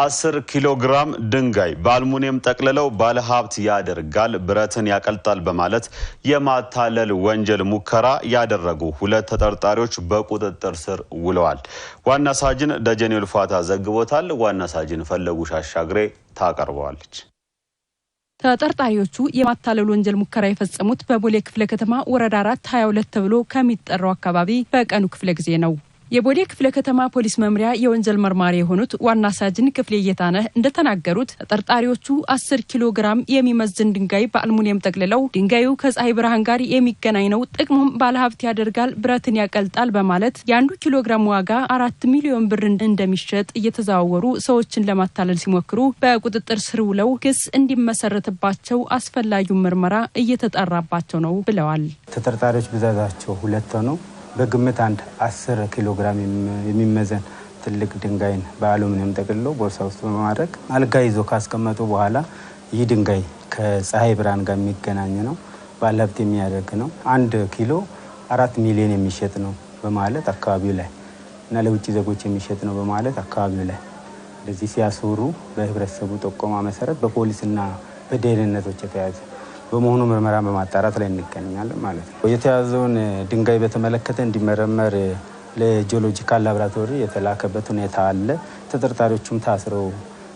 አስር ኪሎ ግራም ድንጋይ በአልሙኒየም ጠቅልለው ባለሀብት ያደርጋል፣ ብረትን ያቀልጣል በማለት የማታለል ወንጀል ሙከራ ያደረጉ ሁለት ተጠርጣሪዎች በቁጥጥር ስር ውለዋል። ዋና ሳጅን ደጀኔል ፏታ ዘግቦታል። ዋና ሳጅን ፈለጉሽ አሻግሬ ታቀርበዋለች። ተጠርጣሪዎቹ የማታለል ወንጀል ሙከራ የፈጸሙት በቦሌ ክፍለ ከተማ ወረዳ አራት ሀያ ሁለት ተብሎ ከሚጠራው አካባቢ በቀኑ ክፍለ ጊዜ ነው። የቦሌ ክፍለ ከተማ ፖሊስ መምሪያ የወንጀል መርማሪ የሆኑት ዋና ሳጅን ክፍሌ እየታነህ እንደተናገሩት ተጠርጣሪዎቹ አስር ኪሎ ግራም የሚመዝን ድንጋይ በአልሙኒየም ጠቅልለው ድንጋዩ ከፀሐይ ብርሃን ጋር የሚገናኝ ነው፣ ጥቅሙም ባለሀብት ያደርጋል፣ ብረትን ያቀልጣል በማለት የአንዱ ኪሎ ግራም ዋጋ አራት ሚሊዮን ብር እንደሚሸጥ እየተዘዋወሩ ሰዎችን ለማታለል ሲሞክሩ በቁጥጥር ስር ውለው ክስ እንዲመሰረትባቸው አስፈላጊውን ምርመራ እየተጠራባቸው ነው ብለዋል። ተጠርጣሪዎች ብዛታቸው ሁለት ነው። በግምት አንድ አስር ኪሎ ግራም የሚመዘን ትልቅ ድንጋይን በአሉሚኒየም ጠቅልሎ ቦርሳ ውስጥ በማድረግ አልጋ ይዞ ካስቀመጡ በኋላ ይህ ድንጋይ ከፀሐይ ብርሃን ጋር የሚገናኝ ነው፣ ባለሀብት የሚያደርግ ነው፣ አንድ ኪሎ አራት ሚሊዮን የሚሸጥ ነው በማለት አካባቢው ላይ እና ለውጭ ዜጎች የሚሸጥ ነው በማለት አካባቢው ላይ እንደዚህ ሲያስወሩ በህብረተሰቡ ጠቆማ መሰረት በፖሊስና በደህንነቶች የተያዘ በመሆኑ ምርመራን በማጣራት ላይ እንገኛለን ማለት ነው። የተያዘውን ድንጋይ በተመለከተ እንዲመረመር ለጂኦሎጂካል ላብራቶሪ የተላከበት ሁኔታ አለ። ተጠርጣሪዎቹም ታስረው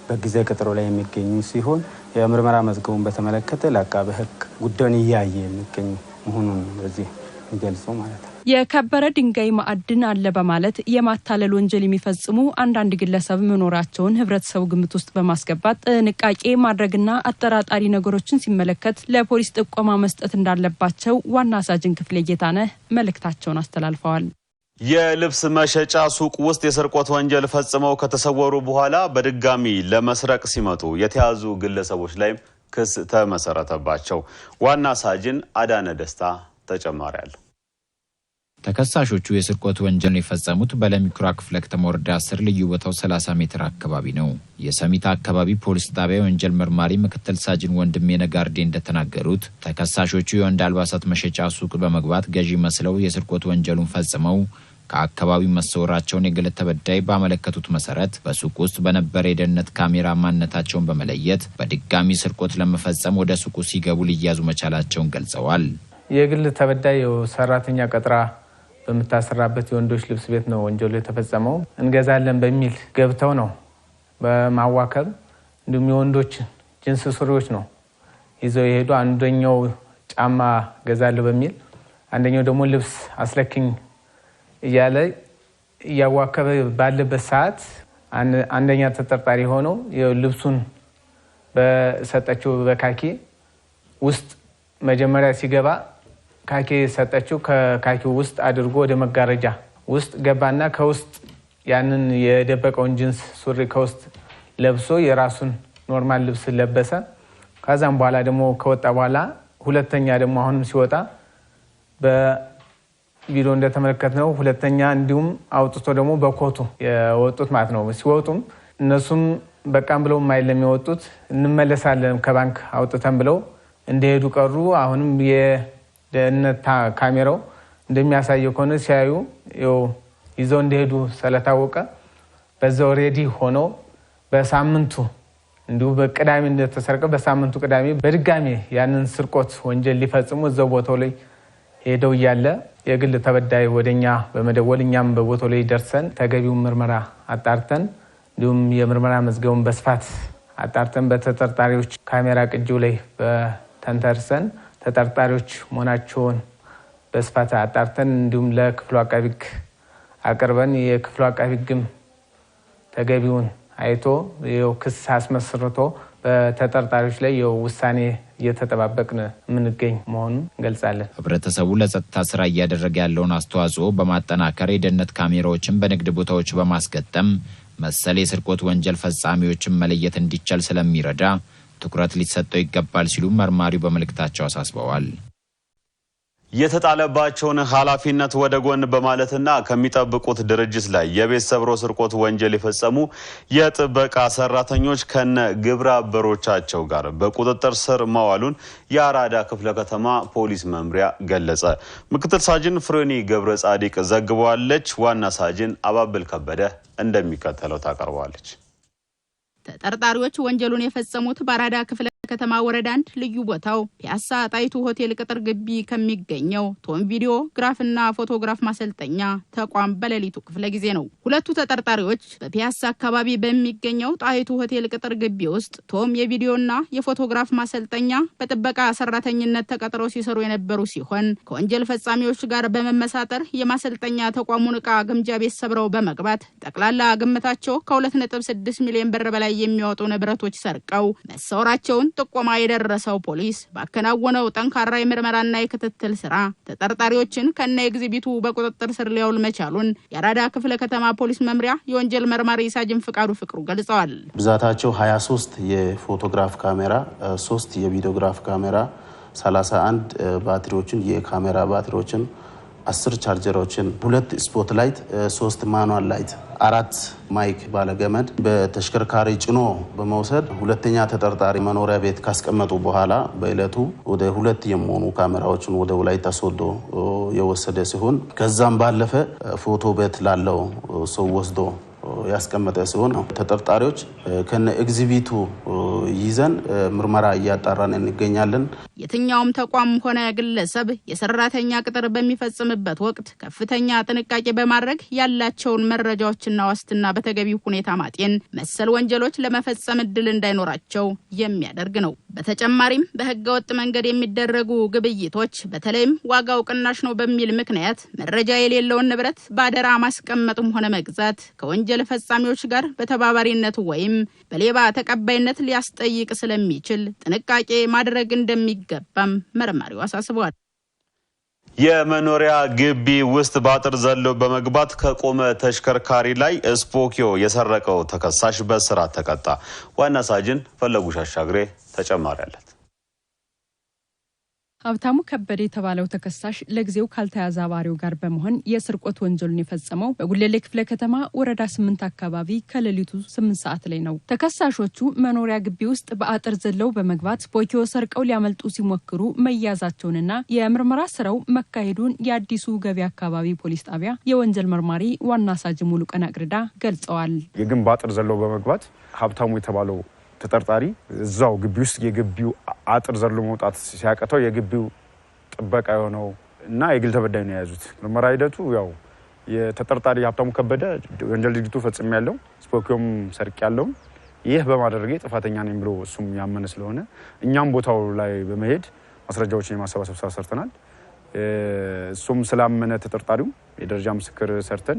በጊዜ ቀጠሮ ላይ የሚገኙ ሲሆን የምርመራ መዝገቡን በተመለከተ ለአቃቤ ሕግ ጉዳዩን እያየ የሚገኝ መሆኑን በዚህ የሚገልጸው ማለት ነው። የከበረ ድንጋይ ማዕድን አለ በማለት የማታለል ወንጀል የሚፈጽሙ አንዳንድ ግለሰብ መኖራቸውን ህብረተሰቡ ግምት ውስጥ በማስገባት ጥንቃቄ ማድረግና አጠራጣሪ ነገሮችን ሲመለከት ለፖሊስ ጥቆማ መስጠት እንዳለባቸው ዋና አሳጅን ክፍሌ ጌታነህ መልእክታቸውን አስተላልፈዋል። የልብስ መሸጫ ሱቅ ውስጥ የስርቆት ወንጀል ፈጽመው ከተሰወሩ በኋላ በድጋሚ ለመስረቅ ሲመጡ የተያዙ ግለሰቦች ላይም ክስ ተመሰረተባቸው። ዋና ሳጅን አዳነ ደስታ ተጨማሪ አለው። ተከሳሾቹ የስርቆት ወንጀልን የፈጸሙት በለሚኩራ ክፍለ ከተማ ወረዳ ልዩ ቦታው 30 ሜትር አካባቢ ነው። የሰሚት አካባቢ ፖሊስ ጣቢያ የወንጀል መርማሪ ምክትል ሳጅን ወንድሜ ነጋርዴ እንደተናገሩት ተከሳሾቹ የወንድ አልባሳት መሸጫ ሱቅ በመግባት ገዢ መስለው የስርቆት ወንጀሉን ፈጽመው ከአካባቢው መሰወራቸውን የግለት ተበዳይ ባመለከቱት መሰረት በሱቅ ውስጥ በነበረ የደህንነት ካሜራ ማንነታቸውን በመለየት በድጋሚ ስርቆት ለመፈጸም ወደ ሱቁ ሲገቡ ሊያዙ መቻላቸውን ገልጸዋል። የግል ተበዳይ ሰራተኛ ቀጥራ በምታሰራበት የወንዶች ልብስ ቤት ነው ወንጀሉ የተፈጸመው። እንገዛለን በሚል ገብተው ነው በማዋከብ እንዲሁም የወንዶች ጅንስ ሱሪዎች ነው ይዘው የሄዱ። አንደኛው ጫማ ገዛለሁ በሚል አንደኛው ደግሞ ልብስ አስለክኝ እያለ እያዋከበ ባለበት ሰዓት አንደኛ ተጠርጣሪ ሆነው ልብሱን በሰጠችው በካኪ ውስጥ መጀመሪያ ሲገባ ካኪ ሰጠችው። ከካኪ ውስጥ አድርጎ ወደ መጋረጃ ውስጥ ገባና ከውስጥ ያንን የደበቀውን ጅንስ ሱሪ ከውስጥ ለብሶ የራሱን ኖርማል ልብስ ለበሰ። ከዛም በኋላ ደግሞ ከወጣ በኋላ ሁለተኛ ደግሞ አሁንም ሲወጣ በቪዲዮ እንደተመለከት ነው። ሁለተኛ እንዲሁም አውጥቶ ደግሞ በኮቱ የወጡት ማለት ነው። ሲወጡም እነሱም በቃም ብለው ማይለም የወጡት እንመለሳለን ከባንክ አውጥተን ብለው እንደሄዱ ቀሩ። አሁንም ደህንነት ካሜራው እንደሚያሳየው ከሆነ ሲያዩ ይዘው እንደሄዱ ስለታወቀ በዛው ሬዲ ሆኖ በሳምንቱ እንዲሁ በቅዳሜ እንደተሰረቀ በሳምንቱ ቅዳሜ በድጋሜ ያንን ስርቆት ወንጀል ሊፈጽሙ እዛው ቦታው ላይ ሄደው እያለ የግል ተበዳይ ወደኛ በመደወል እኛም በቦታው ላይ ደርሰን ተገቢውን ምርመራ አጣርተን እንዲሁም የምርመራ መዝገቡን በስፋት አጣርተን በተጠርጣሪዎች ካሜራ ቅጂው ላይ በተንተርሰን ተጠርጣሪዎች መሆናቸውን በስፋት አጣርተን እንዲሁም ለክፍሉ አቃቢ አቅርበን የክፍሉ አቃቢ ተገቢውን አይቶ ይኸው ክስ አስመስርቶ በተጠርጣሪዎች ላይ ይኸው ውሳኔ እየተጠባበቅን የምንገኝ መሆኑን እንገልጻለን። ህብረተሰቡ ለጸጥታ ስራ እያደረገ ያለውን አስተዋጽኦ በማጠናከር የደህንነት ካሜራዎችን በንግድ ቦታዎች በማስገጠም መሰል የስርቆት ወንጀል ፈጻሚዎችን መለየት እንዲቻል ስለሚረዳ ትኩረት ሊሰጠው ይገባል ሲሉም መርማሪው በመልእክታቸው አሳስበዋል። የተጣለባቸውን ኃላፊነት ወደ ጎን በማለትና ከሚጠብቁት ድርጅት ላይ የቤት ሰብሮ ስርቆት ወንጀል የፈጸሙ የጥበቃ ሰራተኞች ከነ ግብረ አበሮቻቸው ጋር በቁጥጥር ስር መዋሉን የአራዳ ክፍለ ከተማ ፖሊስ መምሪያ ገለጸ። ምክትል ሳጅን ፍሬኒ ገብረ ጻዲቅ ዘግበዋለች። ዋና ሳጅን አባብል ከበደ እንደሚከተለው ታቀርበዋለች። ተጠርጣሪዎች ወንጀሉን የፈጸሙት በአራዳ ክፍለ ከተማ ወረዳ አንድ ልዩ ቦታው ፒያሳ ጣይቱ ሆቴል ቅጥር ግቢ ከሚገኘው ቶም ቪዲዮ ግራፍና ፎቶግራፍ ማሰልጠኛ ተቋም በሌሊቱ ክፍለ ጊዜ ነው። ሁለቱ ተጠርጣሪዎች በፒያሳ አካባቢ በሚገኘው ጣይቱ ሆቴል ቅጥር ግቢ ውስጥ ቶም የቪዲዮና የፎቶግራፍ ማሰልጠኛ በጥበቃ ሰራተኝነት ተቀጥረው ሲሰሩ የነበሩ ሲሆን ከወንጀል ፈጻሚዎች ጋር በመመሳጠር የማሰልጠኛ ተቋሙን እቃ ግምጃ ቤት ሰብረው በመግባት ጠቅላላ ግምታቸው ከ2.6 ሚሊዮን ብር በላይ የሚያወጡ ንብረቶች ሰርቀው መሰወራቸውን ጥቆማ የደረሰው ፖሊስ ባከናወነው ጠንካራ የምርመራና የክትትል ስራ ተጠርጣሪዎችን ከነ ኤግዚቢቱ በቁጥጥር ስር ሊያውል መቻሉን የአራዳ ክፍለ ከተማ ፖሊስ መምሪያ የወንጀል መርማሪ ሳጅን ፍቃዱ ፍቅሩ ገልጸዋል። ብዛታቸው 23 የፎቶግራፍ ካሜራ፣ 3 የቪዲዮግራፍ ካሜራ፣ 31 ባትሪዎችን የካሜራ ባትሪዎችን አስር ቻርጀሮችን፣ ሁለት ስፖት ላይት፣ ሶስት ማኗል ላይት፣ አራት ማይክ ባለገመድ በተሽከርካሪ ጭኖ በመውሰድ ሁለተኛ ተጠርጣሪ መኖሪያ ቤት ካስቀመጡ በኋላ በእለቱ ወደ ሁለት የሚሆኑ ካሜራዎችን ወደ ወላይታ ሶዶ የወሰደ ሲሆን ከዛም ባለፈ ፎቶ ቤት ላለው ሰው ወስዶ ያስቀመጠ ሲሆን ተጠርጣሪዎች ከነ ኤግዚቢቱ ይዘን ምርመራ እያጣራን እንገኛለን። የትኛውም ተቋም ሆነ ግለሰብ የሰራተኛ ቅጥር በሚፈጽምበት ወቅት ከፍተኛ ጥንቃቄ በማድረግ ያላቸውን መረጃዎችና ዋስትና በተገቢው ሁኔታ ማጤን መሰል ወንጀሎች ለመፈጸም እድል እንዳይኖራቸው የሚያደርግ ነው። በተጨማሪም በህገ ወጥ መንገድ የሚደረጉ ግብይቶች በተለይም ዋጋው ቅናሽ ነው በሚል ምክንያት መረጃ የሌለውን ንብረት በአደራ ማስቀመጡም ሆነ መግዛት ከወንጀል ፈጻሚዎች ጋር በተባባሪነት ወይም በሌባ ተቀባይነት ሊያስጠይቅ ስለሚችል ጥንቃቄ ማድረግ እንደሚገባም መርማሪው አሳስቧል። የመኖሪያ ግቢ ውስጥ በአጥር ዘለው በመግባት ከቆመ ተሽከርካሪ ላይ ስፖኪዮ የሰረቀው ተከሳሽ በእስራት ተቀጣ። ዋና ሳጅን ፈለጉ ሻሻግሬ ተጨማሪ አለት። ሀብታሙ ከበደ የተባለው ተከሳሽ ለጊዜው ካልተያዘ አባሪው ጋር በመሆን የስርቆት ወንጀሉን የፈጸመው በጉሌሌ ክፍለ ከተማ ወረዳ ስምንት አካባቢ ከሌሊቱ ስምንት ሰዓት ላይ ነው። ተከሳሾቹ መኖሪያ ግቢ ውስጥ በአጥር ዘለው በመግባት ቦኪዮ ሰርቀው ሊያመልጡ ሲሞክሩ መያዛቸውንና የምርመራ ስራው መካሄዱን የአዲሱ ገቢ አካባቢ ፖሊስ ጣቢያ የወንጀል መርማሪ ዋና ሳጅ ሙሉቀን አቅርዳ ገልጸዋል። የግንብ አጥር ዘለው በመግባት ሀብታሙ የተባለው ተጠርጣሪ እዛው ግቢ ውስጥ የግቢው አጥር ዘሎ መውጣት ሲያቀተው የግቢው ጥበቃ የሆነው እና የግል ተበዳይ ነው የያዙት። ምርመራ ሂደቱ ያው የተጠርጣሪ ሀብታሙ ከበደ ወንጀል ድርጊቱ ፈጽም ያለው ስፖኪዮም ሰርቅ ያለውም ይህ በማድረጌ ጥፋተኛ ነኝ ብሎ እሱም ያመነ ስለሆነ እኛም ቦታው ላይ በመሄድ ማስረጃዎችን የማሰባሰብ ስራ ሰርተናል። እሱም ስላመነ ተጠርጣሪው የደረጃ ምስክር ሰርተን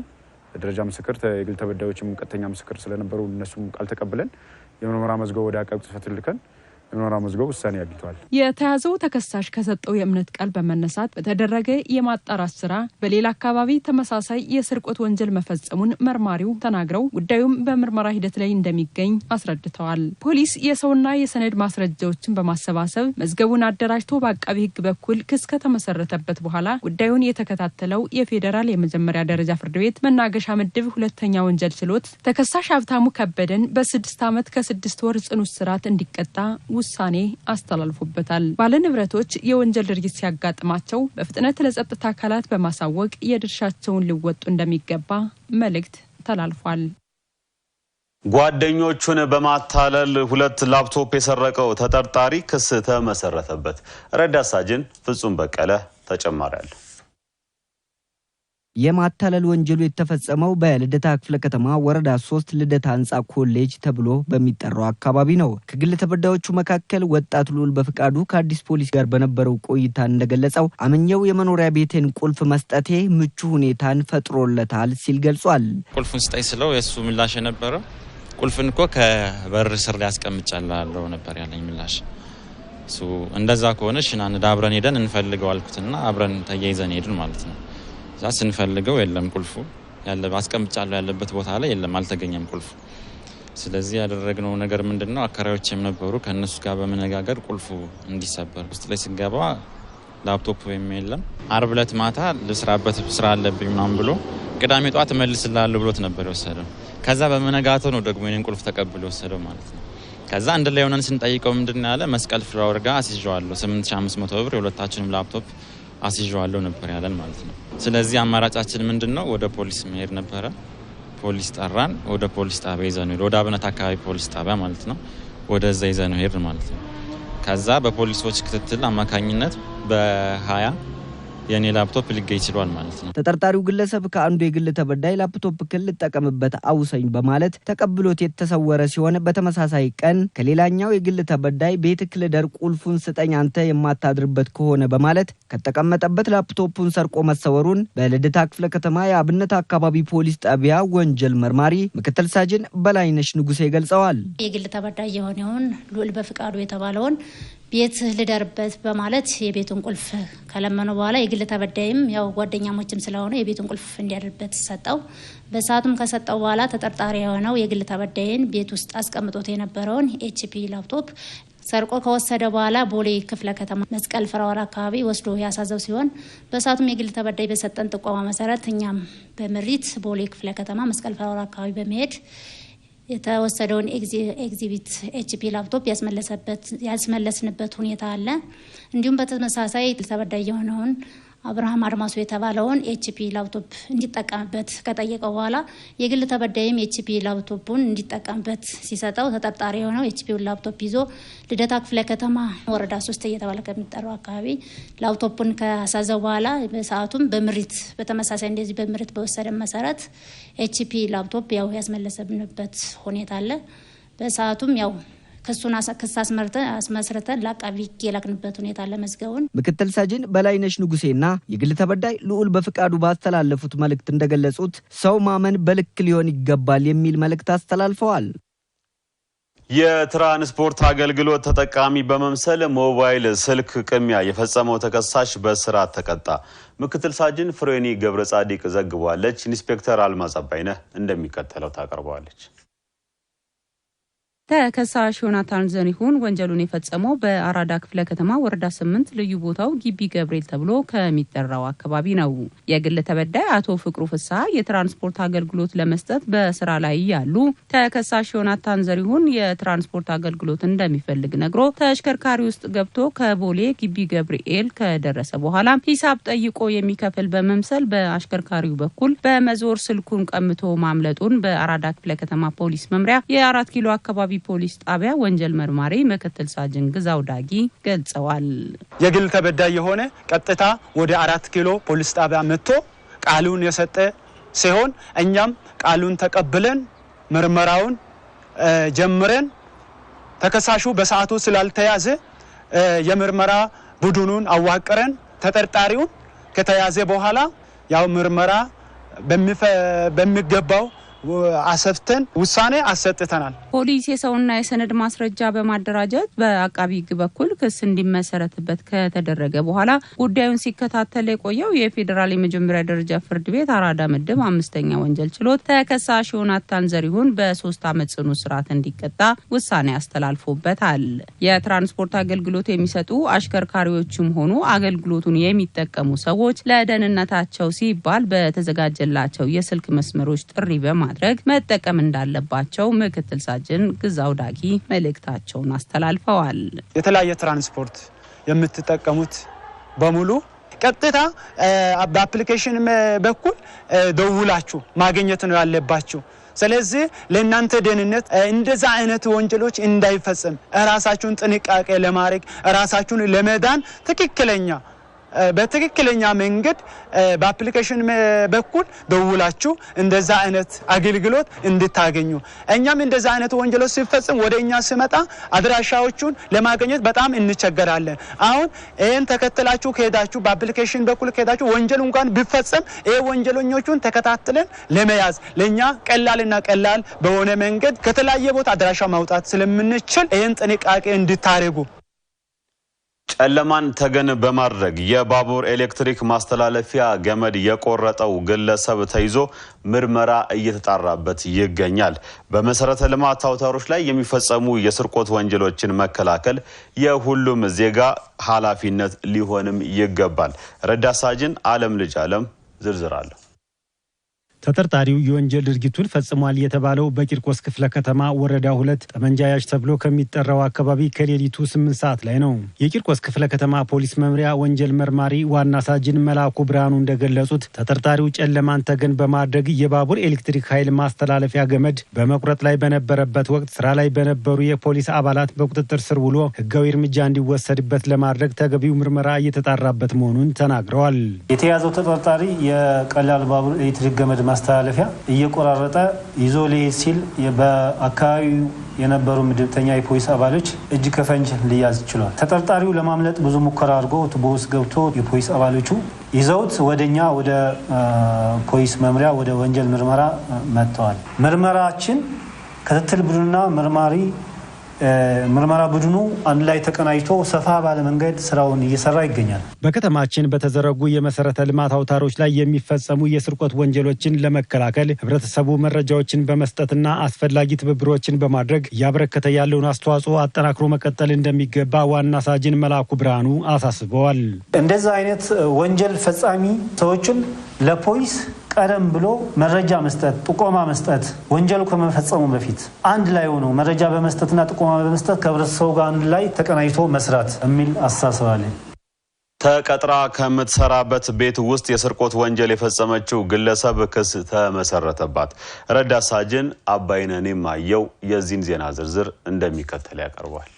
የደረጃ ምስክር የግል ተበዳዮችም ቀጥተኛ ምስክር ስለነበሩ እነሱም ቃል ተቀብለን የምርመራ መዝገብ ወደ አቃቤ ጽፈት ልከን ምርመራ መዝገብ ውሳኔ አግኝተዋል። የተያዘው ተከሳሽ ከሰጠው የእምነት ቃል በመነሳት በተደረገ የማጣራት ስራ በሌላ አካባቢ ተመሳሳይ የስርቆት ወንጀል መፈጸሙን መርማሪው ተናግረው ጉዳዩም በምርመራ ሂደት ላይ እንደሚገኝ አስረድተዋል። ፖሊስ የሰውና የሰነድ ማስረጃዎችን በማሰባሰብ መዝገቡን አደራጅቶ በአቃቢ ሕግ በኩል ክስ ከተመሰረተበት በኋላ ጉዳዩን የተከታተለው የፌዴራል የመጀመሪያ ደረጃ ፍርድ ቤት መናገሻ ምድብ ሁለተኛ ወንጀል ችሎት ተከሳሽ ሀብታሙ ከበደን በስድስት ዓመት ከስድስት ወር ጽኑ እስራት እንዲቀጣ ውሳኔ አስተላልፎበታል። ባለንብረቶች የወንጀል ድርጊት ሲያጋጥማቸው በፍጥነት ለጸጥታ አካላት በማሳወቅ የድርሻቸውን ሊወጡ እንደሚገባ መልእክት ተላልፏል። ጓደኞቹን በማታለል ሁለት ላፕቶፕ የሰረቀው ተጠርጣሪ ክስ ተመሰረተበት። ረዳት ሳጅን ፍጹም በቀለ ተጨማሪ የማታለል ወንጀሉ የተፈጸመው በልደታ ክፍለ ከተማ ወረዳ ሶስት ልደታ ህንፃ ኮሌጅ ተብሎ በሚጠራው አካባቢ ነው። ከግል ተበዳዮቹ መካከል ወጣት ሉል በፍቃዱ ከአዲስ ፖሊስ ጋር በነበረው ቆይታ እንደገለጸው አምኘው የመኖሪያ ቤቴን ቁልፍ መስጠቴ ምቹ ሁኔታን ፈጥሮለታል ሲል ገልጿል። ቁልፉን ስጠኝ ስለው የእሱ ምላሽ የነበረ ቁልፍን እኮ ከበር ስር ላይ ነበር ያለኝ ምላሽ። እሱ እንደዛ ከሆነ ሽናንድ አብረን ሄደን እንፈልገው አልኩትና አብረን ተያይዘን ሄድን ማለት ነው ስንፈልገው የለም ቁልፉ አስቀምጫለሁ ያለበት ቦታ ላይ የለም፣ አልተገኘም ቁልፉ። ስለዚህ ያደረግነው ነገር ምንድን ነው? አከራዮችም ነበሩ። ከእነሱ ጋር በመነጋገር ቁልፉ እንዲሰበር ውስጥ ላይ ስገባ ላፕቶፕ ወይም የለም። አርብ ለት ማታ ልስራበት ስራ አለብኝ ምናም ብሎ ቅዳሜ ጠዋት መልስላለሁ ብሎት ነበር የወሰደው። ከዛ በመነጋተው ነው ደግሞ ይህን ቁልፍ ተቀብሎ የወሰደው ማለት ነው። ከዛ አንድ ላይ ሆነን ስንጠይቀው ምንድን ያለ መስቀል ፍላወር ጋር አስይዋለሁ 8500 ብር የሁለታችንም ላፕቶፕ አስይዤዋለሁ ነበር ያለን ማለት ነው። ስለዚህ አማራጫችን ምንድን ነው? ወደ ፖሊስ መሄድ ነበረ። ፖሊስ ጠራን። ወደ ፖሊስ ጣቢያ ይዘን ሄድ ወደ አብነት አካባቢ ፖሊስ ጣቢያ ማለት ነው። ወደዛ ይዘን ሄድ ማለት ነው። ከዛ በፖሊሶች ክትትል አማካኝነት በሀያ የእኔ ላፕቶፕ ሊገኝ ችሏል ማለት ነው። ተጠርጣሪው ግለሰብ ከአንዱ የግል ተበዳይ ላፕቶፕ ክል ልጠቀምበት አውሰኝ በማለት ተቀብሎት የተሰወረ ሲሆን በተመሳሳይ ቀን ከሌላኛው የግል ተበዳይ ቤት ክልደር ቁልፉን ስጠኝ አንተ የማታድርበት ከሆነ በማለት ከተቀመጠበት ላፕቶፑን ሰርቆ መሰወሩን በልደታ ክፍለ ከተማ የአብነት አካባቢ ፖሊስ ጣቢያ ወንጀል መርማሪ ምክትል ሳጅን በላይነሽ ንጉሴ ገልጸዋል። የግል ተበዳይ የሆነውን ሉል በፍቃዱ የተባለውን ቤት ልደርበት በማለት የቤቱን ቁልፍ ከለመኑ በኋላ የግል ተበዳይም ያው ጓደኛሞችም ስለሆነ የቤቱን ቁልፍ እንዲያድርበት ሰጠው። በሰዓቱም ከሰጠው በኋላ ተጠርጣሪ የሆነው የግል ተበዳይን ቤት ውስጥ አስቀምጦት የነበረውን ኤችፒ ላፕቶፕ ሰርቆ ከወሰደ በኋላ ቦሌ ክፍለ ከተማ መስቀል ፍራወራ አካባቢ ወስዶ ያሳዘው ሲሆን በሰዓቱም የግል ተበዳይ በሰጠን ጥቆማ መሰረት እኛም በምሪት ቦሌ ክፍለ ከተማ መስቀል ፍራወራ አካባቢ በመሄድ የተወሰደውን ኤግዚቢት ኤችፒ ላፕቶፕ ያስመለስንበት ሁኔታ አለ። እንዲሁም በተመሳሳይ ተበዳይ የሆነውን አብርሃም አድማሱ የተባለውን ኤችፒ ላፕቶፕ እንዲጠቀምበት ከጠየቀው በኋላ የግል ተበዳይም ኤችፒ ላፕቶፑን እንዲጠቀምበት ሲሰጠው ተጠርጣሪ የሆነው ኤችፒውን ላፕቶፕ ይዞ ልደታ ክፍለ ከተማ ወረዳ ሶስት እየተባለ ከሚጠራው አካባቢ ላፕቶፑን ከሳዘው በኋላ በሰዓቱም በምሪት በተመሳሳይ እንደዚህ በምሪት በወሰደ መሰረት ኤችፒ ላፕቶፕ ያው ያስመለሰብንበት ሁኔታ አለ። በሰዓቱም ያው ክሱን ክስ አስመስርተን ለአቃቢ የላክንበት ሁኔታ ለመዝገቡን ምክትል ሰጅን በላይነሽ ንጉሴና የግል ተበዳይ ልዑል በፍቃዱ ባስተላለፉት መልእክት እንደገለጹት ሰው ማመን በልክ ሊሆን ይገባል የሚል መልእክት አስተላልፈዋል። የትራንስፖርት አገልግሎት ተጠቃሚ በመምሰል ሞባይል ስልክ ቅሚያ የፈጸመው ተከሳሽ በእስራት ተቀጣ። ምክትል ሳጅን ፍሬኒ ገብረ ጻዲቅ ዘግቧለች። ኢንስፔክተር አልማዝ አባይነህ እንደሚከተለው ታቀርበዋለች። ተከሳሽ ዮናታን ዘኒሁን ወንጀሉን የፈጸመው በአራዳ ክፍለ ከተማ ወረዳ ስምንት ልዩ ቦታው ጊቢ ገብርኤል ተብሎ ከሚጠራው አካባቢ ነው። የግል ተበዳይ አቶ ፍቅሩ ፍስሐ የትራንስፖርት አገልግሎት ለመስጠት በስራ ላይ ያሉ ተከሳሽ ዮናታን ዘኒሁን የትራንስፖርት አገልግሎት እንደሚፈልግ ነግሮ ተሽከርካሪ ውስጥ ገብቶ ከቦሌ ጊቢ ገብርኤል ከደረሰ በኋላ ሂሳብ ጠይቆ የሚከፍል በመምሰል በአሽከርካሪው በኩል በመዞር ስልኩን ቀምቶ ማምለጡን በአራዳ ክፍለ ከተማ ፖሊስ መምሪያ የአራት ኪሎ አካባቢ አቃቢ ፖሊስ ጣቢያ ወንጀል መርማሪ ምክትል ሳጅን ግዛው ዳጊ ገልጸዋል። የግል ተበዳይ የሆነ ቀጥታ ወደ አራት ኪሎ ፖሊስ ጣቢያ መጥቶ ቃሉን የሰጠ ሲሆን እኛም ቃሉን ተቀብለን ምርመራውን ጀምረን ተከሳሹ በሰዓቱ ስላልተያዘ የምርመራ ቡድኑን አዋቅረን ተጠርጣሪውን ከተያዘ በኋላ ያው ምርመራ በሚገባው አሰፍተን ውሳኔ አሰጥተናል። ፖሊስ የሰውና የሰነድ ማስረጃ በማደራጀት በአቃቢ ሕግ በኩል ክስ እንዲመሰረትበት ከተደረገ በኋላ ጉዳዩን ሲከታተል የቆየው የፌዴራል የመጀመሪያ ደረጃ ፍርድ ቤት አራዳ ምድብ አምስተኛ ወንጀል ችሎት ተከሳሽ ዮናታን ዘሪሁን በሶስት ዓመት ጽኑ እስራት እንዲቀጣ ውሳኔ አስተላልፎበታል። የትራንስፖርት አገልግሎት የሚሰጡ አሽከርካሪዎችም ሆኑ አገልግሎቱን የሚጠቀሙ ሰዎች ለደህንነታቸው ሲባል በተዘጋጀላቸው የስልክ መስመሮች ጥሪ በማ በማድረግ መጠቀም እንዳለባቸው ምክትል ሳጅን ግዛው ዳጊ መልእክታቸውን አስተላልፈዋል። የተለያየ ትራንስፖርት የምትጠቀሙት በሙሉ ቀጥታ በአፕሊኬሽን በኩል ደውላችሁ ማግኘት ነው ያለባችሁ። ስለዚህ ለእናንተ ደህንነት እንደዛ አይነት ወንጀሎች እንዳይፈጽም ራሳችሁን ጥንቃቄ ለማድረግ ራሳችሁን ለመዳን ትክክለኛ በትክክለኛ መንገድ በአፕሊኬሽን በኩል ደውላችሁ እንደዛ አይነት አገልግሎት እንድታገኙ እኛም እንደዛ አይነት ወንጀሎች ሲፈጽም ወደ እኛ ሲመጣ አድራሻዎቹን ለማግኘት በጣም እንቸገራለን። አሁን ይህን ተከትላችሁ ከሄዳችሁ በአፕሊኬሽን በኩል ከሄዳችሁ ወንጀል እንኳን ቢፈጽም ይህ ወንጀለኞቹን ተከታትለን ለመያዝ ለእኛ ቀላልና ቀላል በሆነ መንገድ ከተለያየ ቦታ አድራሻ ማውጣት ስለምንችል ይህን ጥንቃቄ እንድታደርጉ ጨለማን ተገን በማድረግ የባቡር ኤሌክትሪክ ማስተላለፊያ ገመድ የቆረጠው ግለሰብ ተይዞ ምርመራ እየተጣራበት ይገኛል። በመሰረተ ልማት አውታሮች ላይ የሚፈጸሙ የስርቆት ወንጀሎችን መከላከል የሁሉም ዜጋ ኃላፊነት ሊሆንም ይገባል። ረዳት ሳጅን አለም ልጅ አለም ዝርዝር አለሁ ተጠርጣሪው የወንጀል ድርጊቱን ፈጽሟል የተባለው በቂርቆስ ክፍለ ከተማ ወረዳ ሁለት ጠመንጃያች ተብሎ ከሚጠራው አካባቢ ከሌሊቱ ስምንት ሰዓት ላይ ነው። የቂርቆስ ክፍለ ከተማ ፖሊስ መምሪያ ወንጀል መርማሪ ዋና ሳጅን መላኩ ብርሃኑ እንደገለጹት ተጠርጣሪው ጨለማን ተገን በማድረግ የባቡር ኤሌክትሪክ ኃይል ማስተላለፊያ ገመድ በመቁረጥ ላይ በነበረበት ወቅት ስራ ላይ በነበሩ የፖሊስ አባላት በቁጥጥር ስር ውሎ ሕጋዊ እርምጃ እንዲወሰድበት ለማድረግ ተገቢው ምርመራ እየተጣራበት መሆኑን ተናግረዋል። የተያዘው ተጠርጣሪ የቀላል ባቡር ኤሌክትሪክ ገመድ ማስተላለፊያ እየቆራረጠ ይዞ ሊሄድ ሲል በአካባቢው የነበሩ ምድብተኛ የፖሊስ አባሎች እጅ ከፈንጅ ሊያዝ ችሏል። ተጠርጣሪው ለማምለጥ ብዙ ሙከራ አድርጎ ቱቦ ውስጥ ገብቶ የፖሊስ አባሎቹ ይዘውት ወደኛ ወደ ፖሊስ መምሪያ ወደ ወንጀል ምርመራ መጥተዋል። ምርመራችን ክትትል ቡድንና መርማሪ ምርመራ ቡድኑ አንድ ላይ ተቀናጅቶ ሰፋ ባለ መንገድ ስራውን እየሰራ ይገኛል። በከተማችን በተዘረጉ የመሰረተ ልማት አውታሮች ላይ የሚፈጸሙ የስርቆት ወንጀሎችን ለመከላከል ህብረተሰቡ መረጃዎችን በመስጠትና አስፈላጊ ትብብሮችን በማድረግ እያበረከተ ያለውን አስተዋጽኦ አጠናክሮ መቀጠል እንደሚገባ ዋና ሳጅን መላኩ ብርሃኑ አሳስበዋል። እንደዛ አይነት ወንጀል ፈጻሚ ሰዎችን ለፖሊስ ቀደም ብሎ መረጃ መስጠት፣ ጥቆማ መስጠት ወንጀሉ ከመፈጸሙ በፊት አንድ ላይ ሆኖ መረጃ በመስጠትና ጥቆማ በመስጠት ከህብረተሰቡ ጋር አንድ ላይ ተቀናጅቶ መስራት የሚል አስተሳሰብ ተቀጥራ ከምትሰራበት ቤት ውስጥ የስርቆት ወንጀል የፈጸመችው ግለሰብ ክስ ተመሰረተባት። ረዳት ሳጅን አባይነኔ ማየው የዚህን ዜና ዝርዝር እንደሚከተል ያቀርቧል።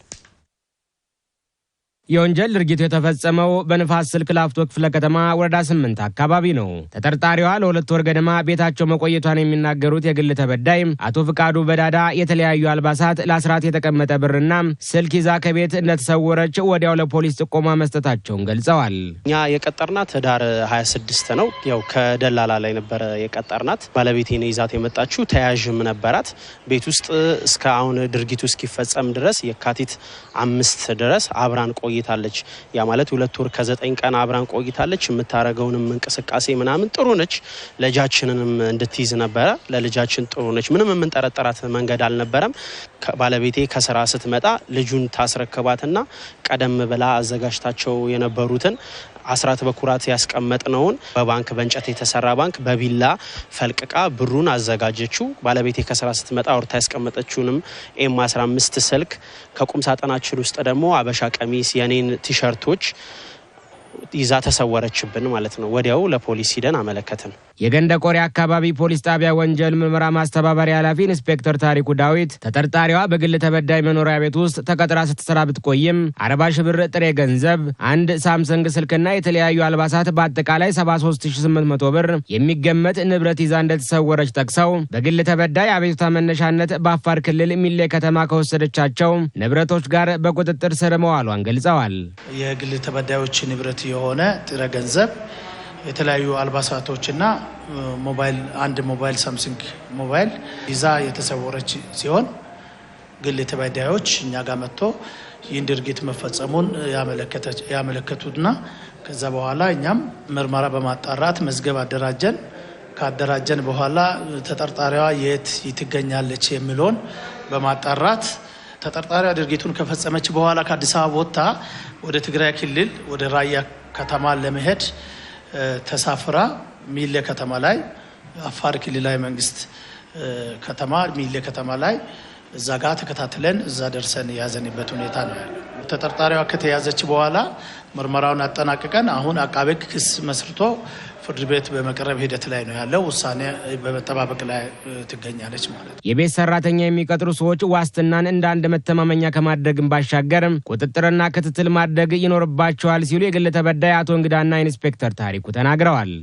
የወንጀል ድርጊቱ የተፈጸመው በንፋስ ስልክ ላፍቶ ክፍለ ከተማ ወረዳ ስምንት አካባቢ ነው። ተጠርጣሪዋ ለሁለት ወር ገደማ ቤታቸው መቆየቷን የሚናገሩት የግል ተበዳይም አቶ ፍቃዱ በዳዳ የተለያዩ አልባሳት፣ ለአስራት የተቀመጠ ብርና ስልክ ይዛ ከቤት እንደተሰወረች ወዲያው ለፖሊስ ጥቆማ መስጠታቸውን ገልጸዋል። እኛ የቀጠርናት ህዳር 26 ነው። ያው ከደላላ ላይ ነበረ የቀጠርናት። ባለቤቴ ይዛት የመጣችው። ተያዥም ነበራት ቤት ውስጥ እስከ አሁን ድርጊቱ እስኪፈጸም ድረስ የካቲት አምስት ድረስ አብራን ቆይ ቆይታለች። ያ ማለት ሁለት ወር ከዘጠኝ ቀን አብራን ቆይታለች። የምታደርገውንም እንቅስቃሴ ምናምን ጥሩ ነች። ልጃችንንም እንድትይዝ ነበረ። ለልጃችን ጥሩ ነች። ምንም የምንጠረጠራት መንገድ አልነበረም። ባለቤቴ ከስራ ስትመጣ ልጁን ታስረክባትና ቀደም ብላ አዘጋጅታቸው የነበሩትን አስራት በኩራት ያስቀመጥነውን በባንክ በእንጨት የተሰራ ባንክ በቢላ ፈልቅቃ ብሩን አዘጋጀችው። ባለቤቴ ከስራ ስትመጣ አውርታ ያስቀመጠችውንም ኤም 15 ስልክ ከቁም ሳጥናችን ውስጥ ደግሞ አበሻ ቀሚስ፣ የኔን ቲሸርቶች ይዛ ተሰወረችብን ማለት ነው። ወዲያው ለፖሊስ ሂደን አመለከትን። የገንደ ቆሬ አካባቢ ፖሊስ ጣቢያ ወንጀል ምርመራ ማስተባበሪ ኃላፊ ኢንስፔክተር ታሪኩ ዳዊት ተጠርጣሪዋ በግል ተበዳይ መኖሪያ ቤት ውስጥ ተቀጥራ ስትሰራ ብትቆይም አርባ 4ሺ ብር ጥሬ ገንዘብ፣ አንድ ሳምሰንግ ስልክና የተለያዩ አልባሳት በአጠቃላይ 73800 ብር የሚገመት ንብረት ይዛ እንደተሰወረች ጠቅሰው በግል ተበዳይ አቤቱታ መነሻነት በአፋር ክልል ሚሌ ከተማ ከወሰደቻቸው ንብረቶች ጋር በቁጥጥር ስር መዋሏን ገልጸዋል። የግል ተበዳዮች ንብረት የሆነ ጥረ ገንዘብ የተለያዩ አልባሳቶችና ሞባይል አንድ ሞባይል ሳምሰንግ ሞባይል ይዛ የተሰወረች ሲሆን ግል ተበዳዮች እኛ ጋር መጥቶ ይህን ድርጊት መፈጸሙን ያመለከቱና ከዛ በኋላ እኛም ምርመራ በማጣራት መዝገብ አደራጀን። ካደራጀን በኋላ ተጠርጣሪዋ የት ትገኛለች የሚለውን በማጣራት ተጠርጣሪዋ ድርጊቱን ከፈጸመች በኋላ ከአዲስ አበባ ወጥታ ወደ ትግራይ ክልል ወደ ራያ ከተማ ለመሄድ ተሳፍራ ሚሌ ከተማ ላይ አፋር ክልላዊ መንግስት ከተማ ሚሌ ከተማ ላይ እዛ ጋር ተከታትለን እዛ ደርሰን የያዘንበት ሁኔታ ነው ያለው። ተጠርጣሪዋ ከተያዘች በኋላ ምርመራውን አጠናቅቀን አሁን አቃቤ ክስ መስርቶ ፍርድ ቤት በመቅረብ ሂደት ላይ ነው ያለው። ውሳኔ በመጠባበቅ ላይ ትገኛለች ማለት ነው። የቤት ሰራተኛ የሚቀጥሩ ሰዎች ዋስትናን እንደ አንድ መተማመኛ ከማድረግን ባሻገርም ቁጥጥርና ክትትል ማድረግ ይኖርባቸዋል ሲሉ የግል ተበዳይ አቶ እንግዳና ኢንስፔክተር ታሪኩ ተናግረዋል።